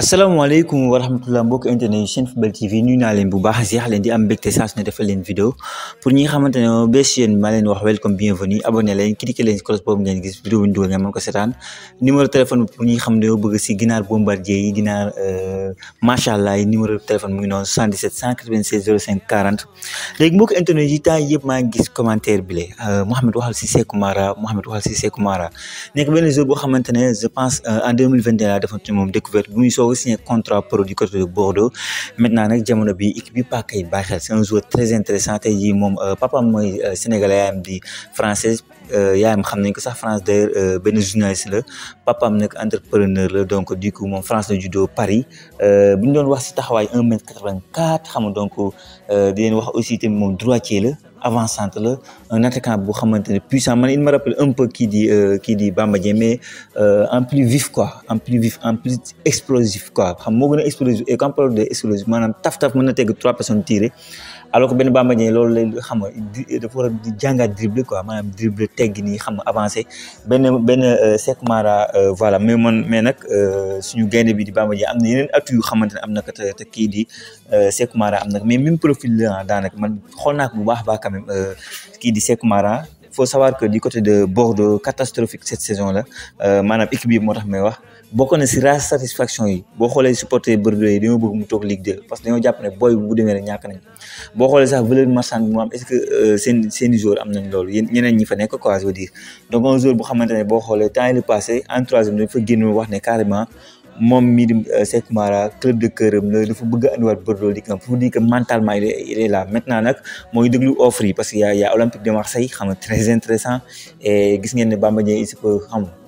assalamu aleykum wa rahmatullah mbokk internet yu Senfootball TV nuyu naa leen bu baax si leen di am mbégte saa su ne defal leen vidéo pour ñi nga xamante ne bees yéen maa leen wax welcome bienvenue abonné leen cliqué leen si cloche boobu ngeen gis vidéo bu ñu dugal ngeen mën ko seetaan numéro téléphone pour ñi nga xam ne dañoo bëgg si ginaar bombardier yi ginaar macha allah yi numéro téléphone mu ngi noonu 77 196 05 40 léegi mbokk internet yi temps yëpp maa ngi gis commentaire bi la Mouhamed waxal si Sékou Mara Mouhamed waxal si Sékou Mara nekk benn jour boo xamante ne je pense en 2021 laa defoon ci moom découverte bu muy Aussi signé contrat pour du côté de Bordeaux maintenant nag jamono bi équipe bi pas kay baaxel c'est un joueur très intéressant tey jii moom euh, papa, mooy euh, sénégalais yaayam di français euh, yaayam xam nañ ko sax France d'ailleurs benn Le papa papaam nag entrepreneur le, donc du coup mon France la judo Paris Euh, ñu doon wax si taxawaay un xam donc di leen wax aussi tamit moom droitier avant centre un attaquant bu xamante puissant man il me rappelle un peu qui dit qui euh, dit Bamba Dieng mais euh, en plus vif quoi en plus vif en plus explosif quoi xam moo gën a explosif et quand on parle de explosif maanaam taf taf mën na teg trois personnes tirées alors que benn Bamba Dieng loolu lay xam nga dafa war a di jàngaat dribble quoi maanaam dribble nii xam nga avancé benn benn euh, Seck Mara euh, voilà mais man mais nag euh, suñu gaynde bi di Bamba Dieng am na yeneen at yu xamante ne am na ko te te kii di Seck Mara am na mais même profil ah, daanak man xool naa bu baax a baax quand même kii di Seck il faut savoir que du côté de Bordeaux catastrophique cette saison là euh, maanaam équipe bi moo tax may wax la satisfaction yi boo xoolee supporter Bordeaux yi beaucoup bëgg mu Ligue 2 parce que dañoo jàpp ne booy bu demee rek ñàkk nañ boo xoolee sax valeur marchande bi am est-ce que c'est euh, seen joueur am nañ loolu ñeneen ñi fa nekk quoi je veux dire donc un jour, bu xamante ne temps est passé en troisième il faut gagner, wax ne carrément mom mi di euh, Seck Mara club de cœuram la dafa bëgg andi wat bordeaux di kam fu di que mentalement il est, il est là lah. maintenant nak moy deglu offre yi parce que ya ya olympique de marseille xam très intéressant et eh, gis ngeen ne bamba ñe il se peut xam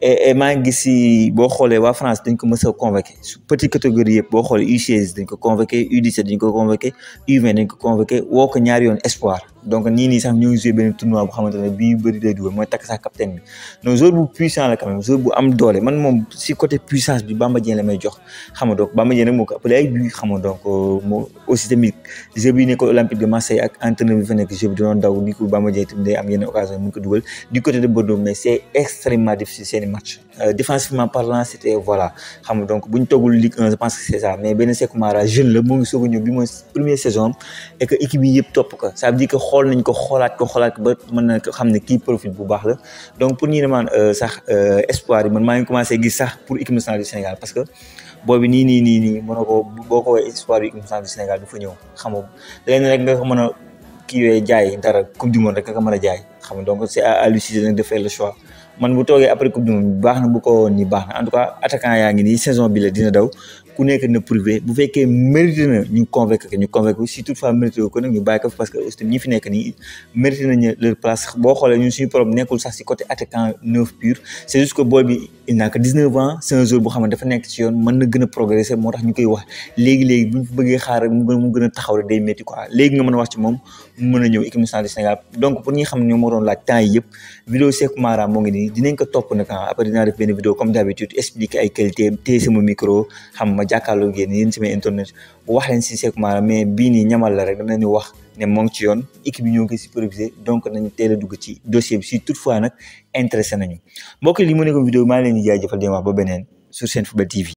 et maa ngi gis si France dañ ko mës convoqué su petite catégorie yëpp U16 dañ ko convoqué U17 dañ ko convoqué U20 dañ ko convoqué woo ko ñaari yoon espoir donc ni nii sax ngi joué tournoi bu xamante bu puissant la quand même bu am man côté puissance bi Bamba Dieng la may jox xam nga Bamba Dieng nag moo ko appelé euh, Olympique de Marseille ak entraîneur bi Bamba occasion du côté de Bordeaux mais c'est extrêmement difficile match euh, défensivement parlant c'était voilà xam donc bu ñu toggul Ligue 1 je pense que c'est ça mais benn Sékou Mara jeune le bon ngi de a bi première saison et que équipe yi top. topp ko ça veut dire que xool nañ ko xoolaat ko xoolaat ko ba mën na xam ne profite bu la donc pour ñuy demaan euh, sax euh, espoir yi man maa ngi commencé gis sax pour équipe nationale du Sénégal parce que boobu ni ni ni nii mën ko espoir yi équipe nationale du Sénégal du fa ñew xam nga lenn rek nga ko ki a jaay dara coupe du monde rek nga ko jaay xam donc c'est est à lui de faire le choix man bu toogee après coupe du monde baax na bu ko ni baax na en tout cas attaquant yaa ngi nii saison bi la dina daw ku nekk na privé bu fekkee mérité na ñu convaincre que ñu convaincre si fois mérité ko nag ñu bàyyi ko parce que aussi ñi fi nekk nii mérité nañu leur place boo xoolee ñun suñu problème nekkul sax si côté attaquant neuf pur c' est juste que boy bi il n'a que 19 ans c'est un jour boo xam ne dafa nekk ci yoon mën na gën a progresser moo tax ñu koy wax léegi léegi bu ñu bëggee xaar mu gën mu gën a taxaw rek day métti quoi léegi nga mën a wax ci moom mu mën a ñëw équipe nationale du Sénégal donc pour ñi xam ne ñoom doon laaj temps yi yëpp vidéo Sékou Mara moo ngi nii topp nag ah après dinaa def benn vidéo comme d'habitude expliquer ay qualité téye sama micro xam ma jàkkaarloo ngeen yéen sama internet wax leen si Sékou Mara mais bii nii ñamal la rek dama leen wax ne moo ci yoon équipe ñoo ngi koy superviser donc nañu teel a ci dossier bi si toutefois nag intéressé nañu mbokk li mu nekkoon vidéo maa ngi leen di jaajëfal di wax ba beneen sur Senfootball TV